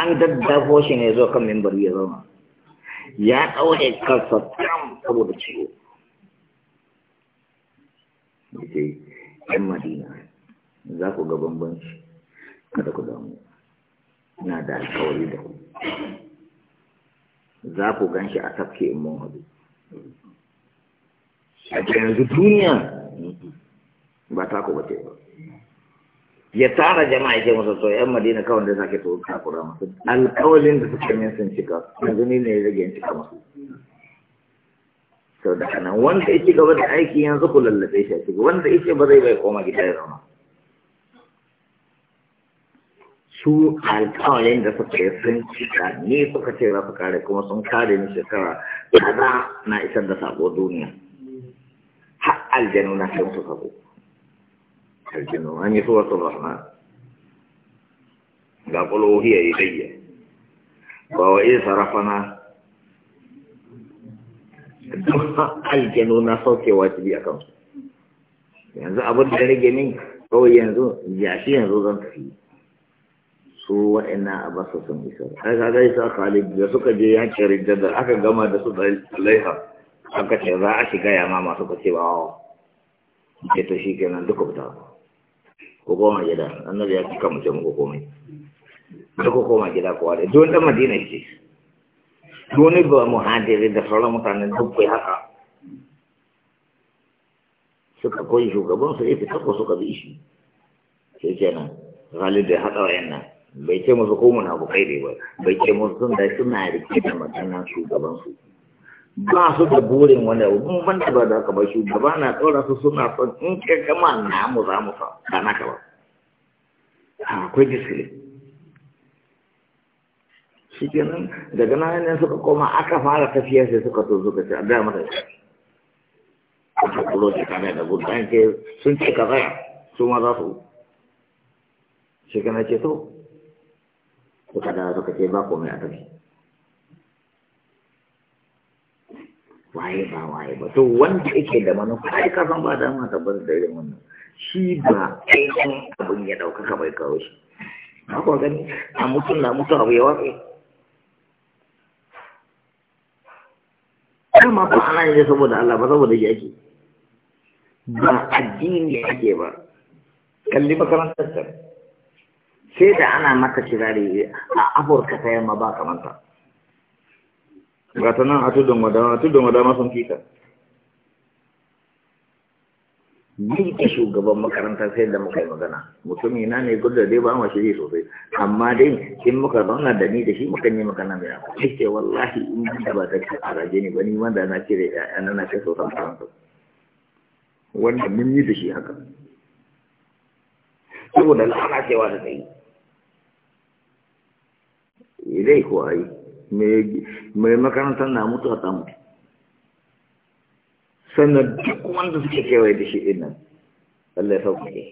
an daddafo shi ne zo kan mimbar ya zauna ya ɗaure kansa tam saboda ciwo da yan madina za ku ga bambanci kada ku damu ina da alkawari da ku za ku gan shi a tafke in mun hudu a yanzu duniya ba ta ku ba ce ba ya tara jama'a yake masa to yan madina kawai da zake to ka kura masu alƙawalin da suka min sun cika yanzu ni ne rage yin cika masu sau da kanan wanda yake gaba da aiki yanzu ku lallabe shi a wanda yake ba zai bai koma gida ya zama su alƙawalin da suka yi sun cika ni suka ce za su kare kuma sun kare ni shekara kaza na isar da sako duniya har aljanu na kai musu sako الجنون هني سورة الرحمن قالوا هي إلي وإذ صرفنا الجنون صوت واجبي أكم yanzu abin da rage kawai yanzu yashi yanzu zan tafi su wa'ina a basu sun isa ai ka zai sa khalid da suka je yankin rijjar da aka gama da su da laiha aka ce za a shiga masu kace wa shi kenan duka fita ko koma gida annabi ya cika mutum ko komai da ko koma gida ko wani, don dan madina ce dole ba muhajiri da sauran mutane duk kai haka suka koyi shugaban su yake tako suka bi shi sai kenan Khalid da hada wayannan bai ce musu ko kai dai ba bai ce musu sun da suna rike da mutanen shugaban su ba su da burin wani abu in ban ba da haka ba shugaba na ɗora su suna son in ka gama namu za mu fa ba naka ba akwai discipline shi kenan daga nan ne suka koma aka fara tafiya sai suka to suka ce a gaya mata shi aka kulo da kame da gudu an ce sun ce ka tsaya su ma za su shi kenan ce to suka da suka ce ba komai a tafi waye ba waye ba to wanda yake da manufa ai ka san ba da ma tabbas da irin wannan shi ba ainihin abin ya ka bai kawo shi ko gani a mutum na mutu abu ya Kuma ma ko ana yi saboda Allah ba saboda shi ake ba addini ake ba kalli makarantar sai da ana maka kirari a afirka ta yamma ba kamanta ga nan a tudun madama tudun madama sun kita duk shugaban makaranta sai da muka yi magana mutum na ne gudu dai ba mu shiri sosai amma dai in muka zauna da ni da shi muka yi magana mai yawa ce wallahi in da ba ta ci a raje ne ba ni wanda na cire ƴaƴan na kai sosan faransa wanda mun yi da shi haka saboda lalacewa da ta yi idai ko ayi mai makarantar na mutu a samu sannan duk wanda suke kewaye da shi inan nan Allah ya sauka ne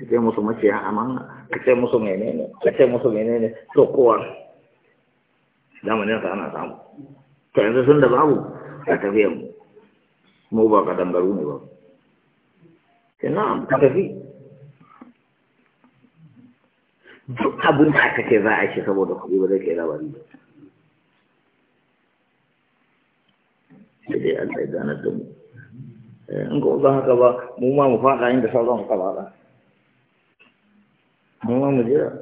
kace musu mace amana kace musu menene kace musu menene to kowa zamanin sa ana samu ta yanzu sun da babu a tafiyar mu mu ba kadangaru ne ba na ka tafi duk abin da aka ce za a shi saboda kuɗi ba zai kai labari ba sai an sai ya ganar da mu eh, in kuma ba haka ba mu ma mu faɗa inda zan kaba faɗa mu ma mu jira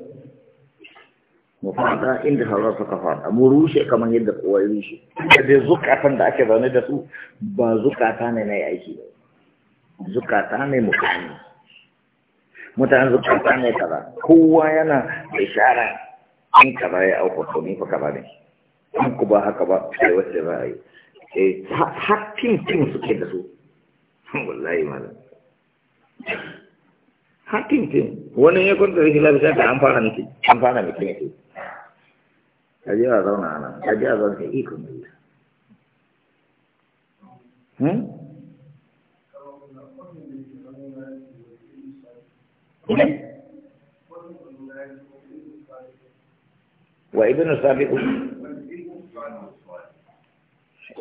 mu faɗa inda zan suka faɗa mu rushe kamar yadda kowa ya rushe da dai zukatan da ake zaune da su ba zukata ne na yi aiki ba zukata ne mu kani mutanen su kasa ne kaza kowa yana da shara in kaza ya auku to ni fa kaza ne in ku ba haka ba sai wace ba yi eh har tin tin suke da su wallahi malam har tin wani ya kwanta da shi lafiya ta an fara miki an fara miki ne ka ji a zauna nan ka ji a zauna ne. Allah hmm? Wa وابن سابق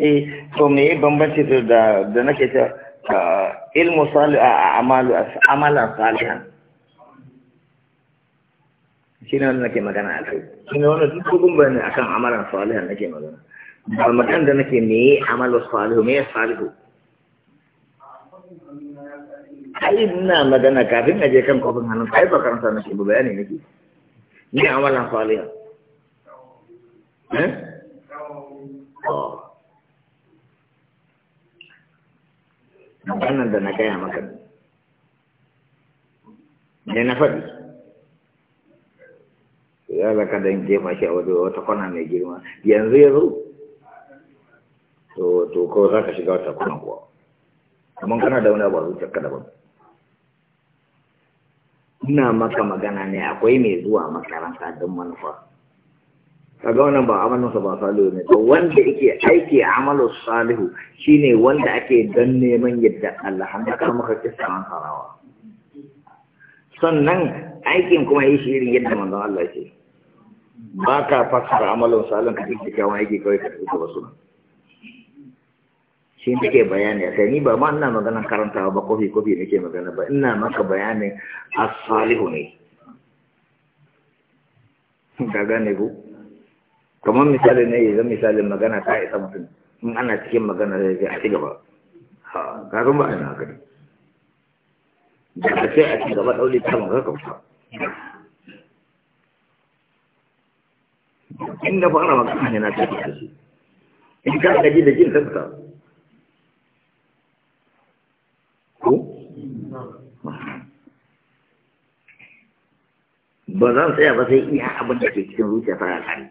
eh to me bambanci da da nake ta ilmu salih amalu amalan salihan Kina wannan nake magana akai Kina wannan duk kun bane akan amalan salihan nake magana ba magana da nake me amalu salihu me salihu ai ina magana kafin aje kan kofin hannun ai ba karanta na shi bayani nake ni amalan salihan eh wannan da na gaya maka ne na faɗi ya laka don jefa shi a wajen wata kwana mai girma yanzu ya zo to ko za ka shiga wata kwana kuwa amma kana da wani abu a zuciyarka daban ina maka magana ne akwai mai zuwa makaranta don manufa kaga wannan ba amalinsa ba salihu ne to wanda yake aiki amalu salihu shine wanda ake don neman yadda Allah an ka maka kissa an harawa sannan aikin kuma yi shirin yadda manzo Allah ce ba ka fassara amalin Salihu ka kike kyawun aiki kawai ka ba wasu nan shi take bayani sai ni ba ma ina maganan karantawa ba kofi kofi nake magana ba ina maka bayanin as-salihu ne ka gane ku kamar misali ne idan misalin magana ta isa mutum in ana cikin magana zai ce a ci gaba ha ka san ba ina haka ne da ka ce a ci gaba ɗaure ta maka kauta inda fara magana ne na tafi da shi in ka gaji da jin tabbata ba zan tsaya ba sai iya abin da ke cikin zuciya ta alhari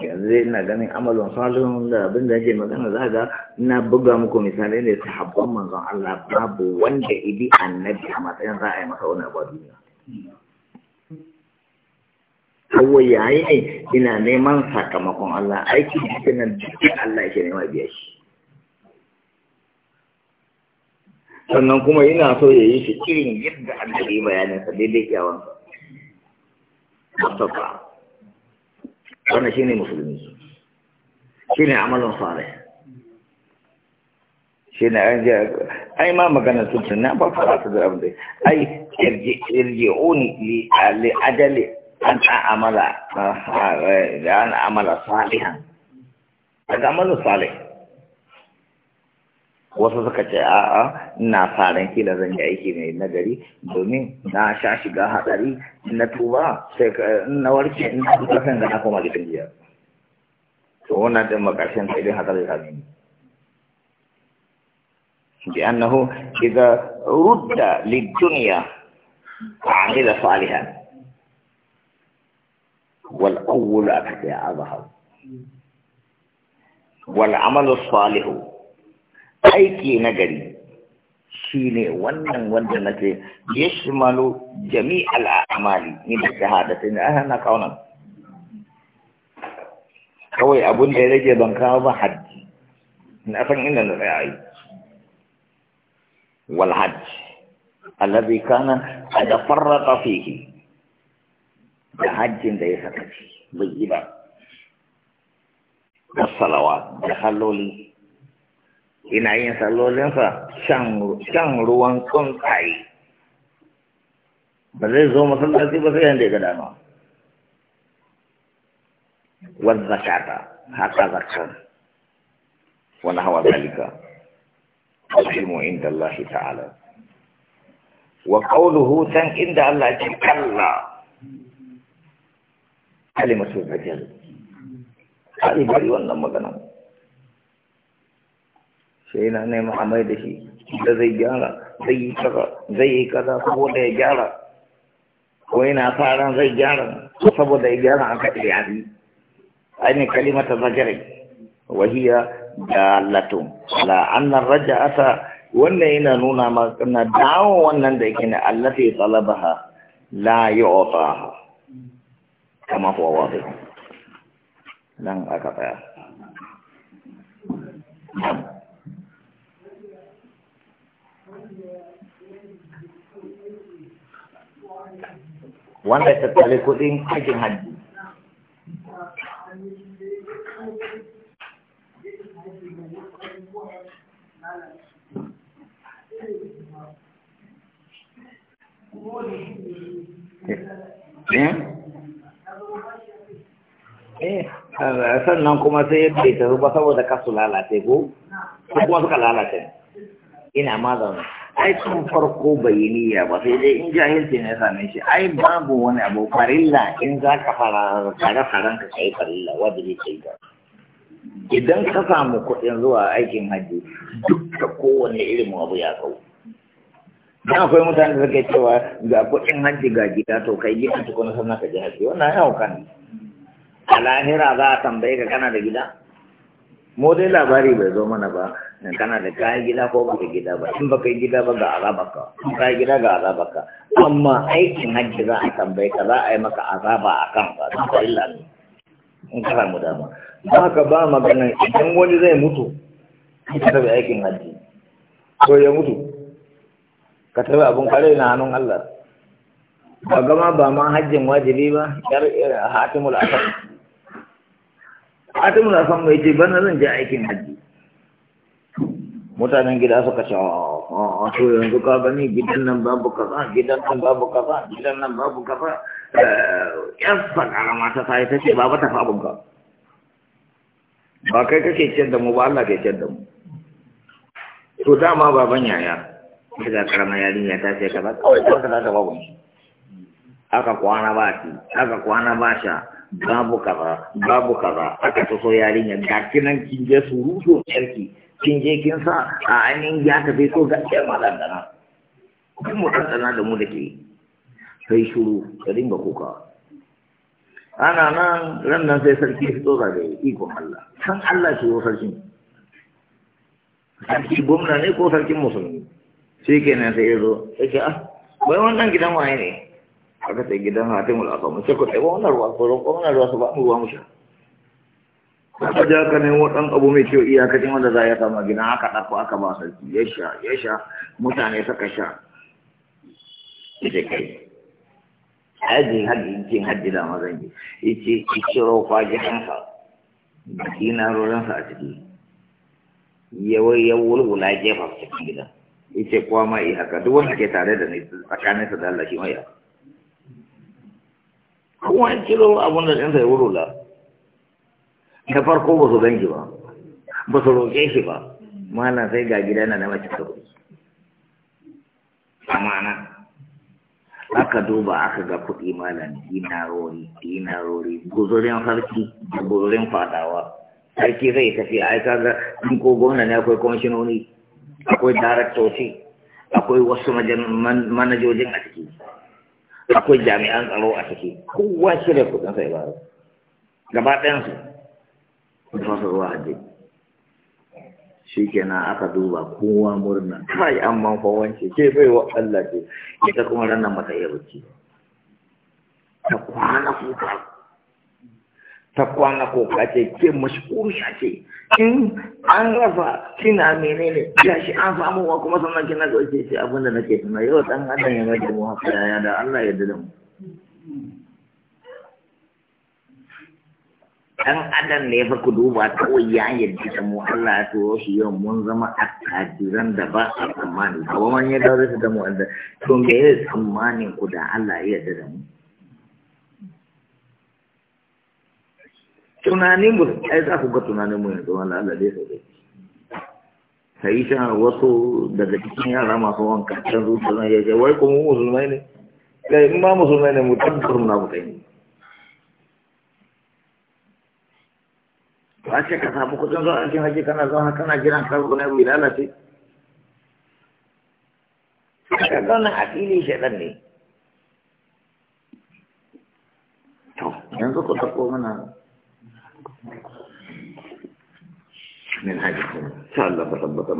yanzu zai ina ganin amazon salon da abin da yake magana za ga ina buga muku misalai ne sahabban manzon Allah babu wanda idi annabi a matsayin za a yi masa wani abu duniya kawai yayi ne ina neman sakamakon Allah aiki cikin nan duk Allah yake nema biya shi sannan kuma ina so ya yi shi irin yadda annabi bayaninsa daidai kyawansa mustafa wannan shine musulmi shine amalin shi ne an ji ai ma magana tuntun na ba fara su da abin da ai irji'uni li li adali an amala da an amala salihan daga amalin salih wasu suka ce a'a ina faran kila zan yi aiki mai nagari domin na sha shiga hatsari na tuba sai na warke in na tuba kan gana kuma gidan jiya to wannan din makarshen ta idan hatsari ta nemi bi annahu idza rudda lid dunya amila salihan wal awwal akda azhar wal amalu salihu aiki na gari shi ne wannan wanda na ce ya shimalu jami al'amali ni da hada sai na ana ah, kaunan kawai abun da ya rage ban kawo ba hajji na san inda na tsaya yi wal hajji alladhi kana farra farrata fihi da hajjin da ya saka shi bai yi ba da salawa da halloli ina yin sallolinsa shan ruwan tsuntsaye ba zai zo masallaci ba sai yadda ya ga dama wani zakata haka zakan wani hawa zalika ilmu inda Allah ta'ala wa qawluhu tan inda Allah ce kalla kalimatu bajal kai bari wannan maganar sai na nema a mai da shi da zai gyara zai yi kaza zai yi kaza saboda ya gyara ko yana faran zai gyara saboda ya gyara an kaɗe ya bi ainihin kalimata zajarai wahiya da latun la annan raja asa wannan yana nuna mana dawo wannan da yake ne allati talabaha la yu'taha kama huwa wadih nan aka tsaya wanda ya tattale kudin aikin hajji eh? Eh, sannan kuma sai yadda ya tafi ba saboda kasu lalace ko ko kuma suka lalace ina ma zaune ai sun farko bayaniya ba sai dai in jahilci ne same shi ai babu wani abu farilla in za ka fara fara faran ka kai farilla wanda zai kai ka idan ka samu kuɗin zuwa aikin hajji duk da kowane irin abu ya kau dan akwai mutane da suke cewa ga kuɗin hajji ga gida to kai gida kuma sannan ka je hajji wannan ya hauka ne a lahira za a tambaye ka kana da gida mu dai labari bai zo mana ba in kana da kayan gida ko baka gida ba in baka gida ba ga azabaka in ka gida ga azabaka amma aikin hajji za a tambaye ka za a yi maka azaba a kan ba don ka illa ne in ka samu dama ba ka ba magana idan wani zai mutu ka tafi aikin hajji ko ya mutu ka tafi abun kare na hannun Allah ba gama ba ma hajjin wajibi ba yar hatimul asam hatimul asam mai ce bana zan je aikin hajji mutanen gida suka ce a ah, ah, ah, to yanzu ka gani gidan nan babu kaza gidan nan babu kaza gidan nan babu kaza eh, yan sakara mata ta yi ta ce babu tafi abin ka ba kai kake ciyar da mu ba Allah ke ciyar da mu to dama baban yaya sai da karama yarinya ta ce kaza kawai ta kaza ta babu aka kwana ba shi aka kwana ba sha babu kaza babu kaza aka taso yarinya ga kinan kin je surutu yarki kin je kin sa a ainihin ya tafi ko ga ɗaya ma ɗanɗana kan mu ɗanɗana da mu da ke sai shuru ka dinga kuka ana nan ran nan sai sarki ya fito da ikon Allah san Allah shi yau sarkin sarki gwamna ne ko sarkin musulmi ke nan sai ya zo ya ce ah bai wannan gidan waye ne aka sai gidan hatimul asamu sai ku tsaye wannan ruwa ko wannan ruwa su ba mu ruwa mu sha aka ja ka nemo dan abu mai kyau iyakacin wanda za ya samu gina aka ɗako aka ba sarki ya sha ya sha mutane suka sha ita kai haji hajji in ce hajji da mazan ji ice ciro kwaji hansa da kina a ciki yawai ya wulwula jefa cikin gidan ice kuwa ma iya haka duk wanda ke tare da ni tsakanin sa da Allah shi mai haka kuma ciro abun da ɗinsa ya wulwula da farko ba su gan ba ba su roƙe shi ba mana sai ga gida na mace ta kuɗi amana aka duba aka ga kuɗi malam dinarori dinarori guzurin harki, da guzurin fadawa sarki zai tafi a aika ga in ko gwamna ne akwai kwamishinoni akwai daraktoci akwai wasu manajojin a ciki akwai jami'an tsaro a ciki kowa shirya kuɗin sai ba gaba ɗayansu fasar wa'adi shi kenan aka duba kowa murna kai amma manfa wance ke, bai wa Allah ce ita kuma ranar mata iya bacci ta kwana kuka ta kwana kuka ce ke mashkuriya ce in an rafa kina menene ya shi an samu wa kuma sannan kina ga ce abinda nake tuna yau dan adam ya rage mu haka ya da Allah ya dada mu dan adam ne fa ku duba kawai ya yadda da mu Allah ya turo shi yau mun zama a attajiran da ba a tsammani ba man ya dawo da mu Allah to me ya tsammanin ku da Allah ya yarda da mu tunanin mu ai za ku ga tunanin mu yanzu Allah Allah dai sai sai sha wasu daga cikin yara masu wanka can zuciya ya ce wai kuma musulmai ne kai in ma musulmai ne mu tabbatar munafukai ne ba ce ka samu kudin zuwa aikin haji kana zuwa kana jiran karbu na mai lalace ka zauna a fili shaɗan ne to yanzu ku tako mana من حاجة إن شاء